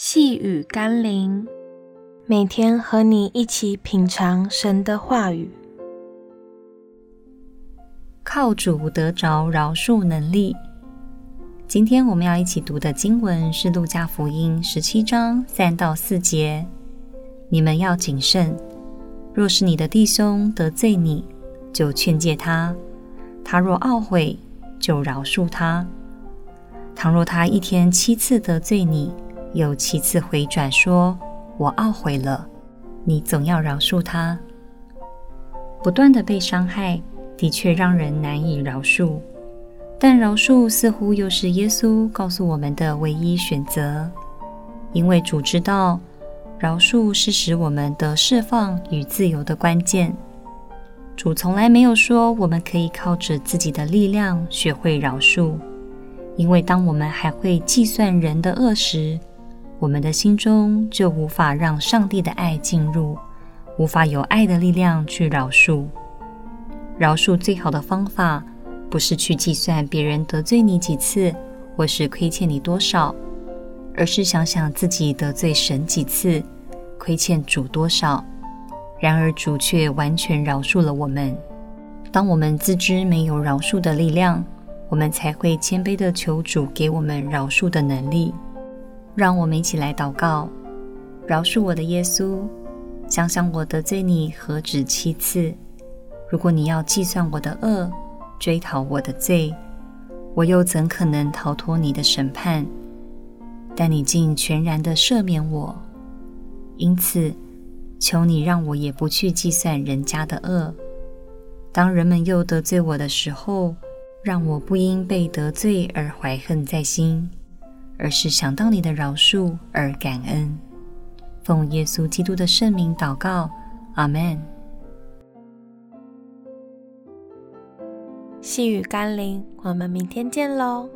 細語甘霖，每天和你一起品嘗神的話語，靠主得着饒恕能力。今天我們要一起讀的經文是《路加福音》十七章三到四節。你們要謹慎，若是你的弟兄得罪你，就勸戒他；他若懊悔，就饒恕他；倘若他一天七次得罪你，又七次回轉說，說我懊悔了。你總要饒恕他。不斷地被傷害，的確讓人難以饒恕。但饒恕似乎又是耶穌告訴我們的唯一選擇，因為主知道，饒恕是使我們得釋放與自由的關鍵。主從來沒有說我們可以靠着自己的力量學會饒恕，因為當我們還會計算人的惡時。我們的心中就無法讓上帝的愛進入，無法有愛的力量去饒恕。饒恕最好的方法，不是去計算別人得罪你幾次，或是虧欠你多少，而是想想自己得罪神幾次，虧欠主多少。然而主卻完全饒恕了我們。當我們自知沒有饒恕的力量，我們才會謙卑地求主給我們饒恕的能力。讓我們一起來禱告，饒恕我的耶穌。想想我得罪你何止七次？如果你要計算我的惡，追討我的罪，我又怎可能逃脫你的審判？但你竟全然地赦免我，因此求你讓我也不去計算人家的惡。當人們又得罪我的時候，讓我不因被得罪而懷恨在心。而是想到祢的饒恕而感恩，奉耶穌基督的聖名禱告，阿門。細語甘霖，我們明天見嘍。